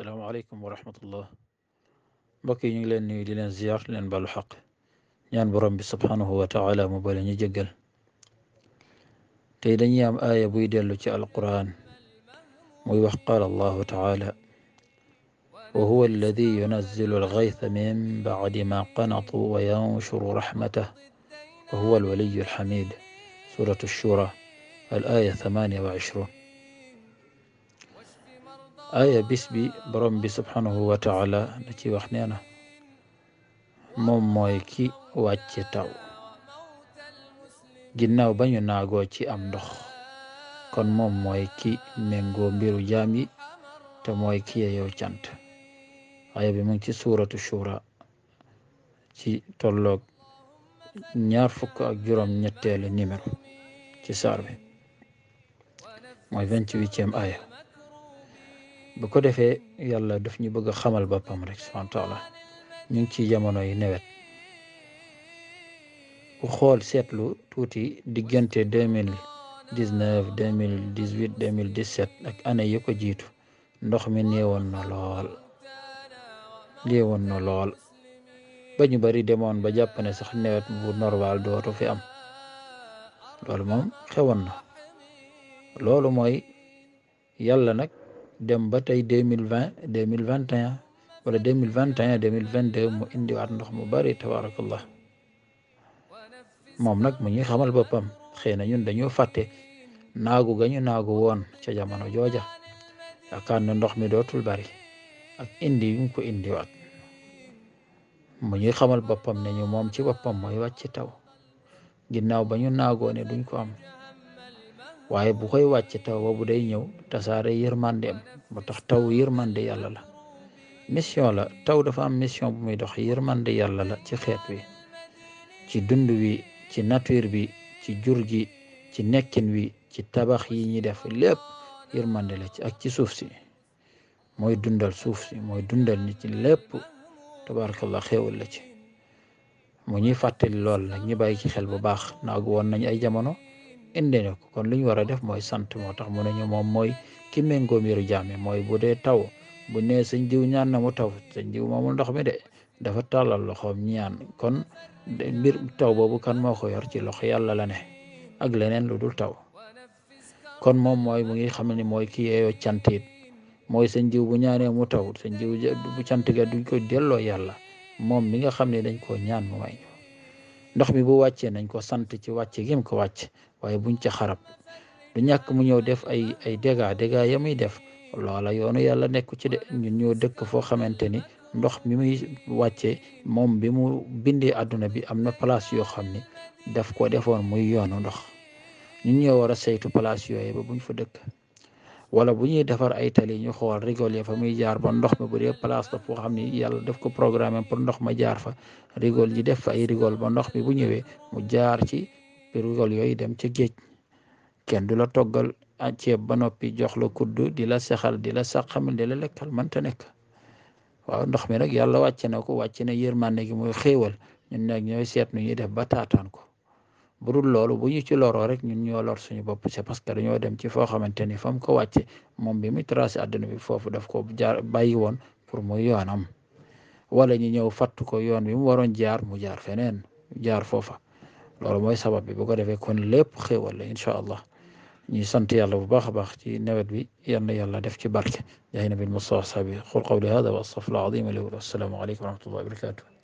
السلام عليكم ورحمة الله بكي نجلن نجلن زيار لن بالو حق نيان برم سبحانه وتعالى مبالا نججل تيدن يام آية بويدن لكي القرآن ويوح قال الله تعالى وهو الذي ينزل الغيث من بعد ما قنطوا وينشر رحمته وهو الولي الحميد سورة الشورى الآية 28 aya bis bi borom bi subhanahu wa taala da ci wax nee na moom mooy ki wàcce taw ginnaaw ba ñu naagoo ci am ndox kon moom mooy ki méngoo mbiru jaam yi te mooy kiyeyoo cant aya bi mu ngi ci suuratu shura ci tolloog ñaar fukk ak juróom ñetteelu numéro ci saar bi mooy 28 aya bu ko defee yàlla def ñu bëgg xamal boppam rek subhaanahu wa taala ñu ngi ci jamono yi nawet ku xool seetlu tuuti diggante deux mille dix neuf deux mille dix huit deux mille dix sept ak année yi ko jiitu ndox mi néewoon na lool néewoon na lool ba ñu bari demoon ba jàpp sax nawet bu normal dootu fi am loolu moom xewoon na mooy yàlla nag. dem ba tey deux mille vingt deux mille vingt et un wala deux mille vingt et un deux mille vingt deux mu indiwaat ndox mu bari tabaarakallah moom nag mu ñuy xamal boppam xëy na ñun dañoo fàtte naagu ga ñu naagu woon ca jamono jooja yaakaar na ndox mi dootul bari ak indi yu mu ko indiwaat mu ñuy xamal boppam ne ñu moom ci boppam mooy wàcc taw ginnaaw ba ñu naagoo ne duñ ko am. waaye bu koy wàcce taw ba bu day ñëw tasaare yërmande am moo tax taw yërmande yàlla la mission la taw dafa am mission bu muy dox yërmande yàlla la ci xeet wi ci dund wi ci nature bi ci jur gi ci nekkin wi ci tabax yi ñi def lépp yërmande la ci ak ci suuf si mooy dundal suuf si mooy dundal nit ci lépp tabarakallah xéewal la ci moo ñuy fàttali lool nag ñu bàyyi ci xel bu baax naagu woon nañ ay jamono indi na kon li ñu war a def mooy sant moo tax mu ne ñu moom mooy ki méngoo mbiru mooy bu dee taw bu nee sëñ diw ñaan na mu taw sëñ diw moomul ndox mi de dafa tàllal loxoom ñaan kon mbir taw boobu kan moo ko yor ci loxo yàlla la ne ak leneen lu dul taw kon moom mooy mu ngi xam ne mooy ki yeeyoo cant it mooy sëñ jiw bu ñaanee mu taw sëñ jiw bu cant ga duñ ko delloo yàlla moom mi nga xam ne dañ koo ñaan mu ndox mi bo wàccee nañ ko sant ci wàcce gém ko wàcc waaye buñ ca xarab du ñàkk mu ñëw def ay ay dégâts dégâts ya muy def loola yoonu yàlla nekku ci de ñun ñoo dëkk foo xamante ni ndox mi muy wàccee moom bi mu bindee àdduna bi am na place yoo xam ni daf ko defoon muy yoonu ndox ñun ñoo war a saytu place yooyu ba buñ fa dëkk wala bu ñuy defar ay tali ñu xool rigol ya fa mu jaar ba ndox mi bu dee place la xam ni yàlla def ko programme pour ndox ma jaar fa rigol yi def fa ay rigol ba ndox mi bu ñëwee mu jaar ci rigol yooyu dem ca géej kenn du la toggal ceeb ba noppi jox la kuddu di la seexal di la saqamal di la lekkal ta nekk waaw ndox mi nag yàlla wàcce na ko wàcce na yërmande gi muy xéewal ñun nag ñooy seet nu ñuy def ba taataan ko budul loolu bu ñu ci loroo rek ñun ñoo lor suñu bopp c'est parce que dañoo dem ci foo xamante ni fa mu ko wàcce moom bi mu tracé àdduna bi foofu daf ko jaar bàyyi woon pour muy yoonam wala ñu ñëw fatt ko yoon bi mu waroon jaar mu jaar feneen jaar foofa loolu mooy sabab bi bu ko defee kon lépp xéwal la incha allah ñuy sant yàlla bu baax a baax ci nawet bi yàlla yàlla def ci barke jaay nabil mustafa sabi xul qawli hada wa astaghfirullah adima li wa salaamu alaykum wa rahmatullahi wa barakatuh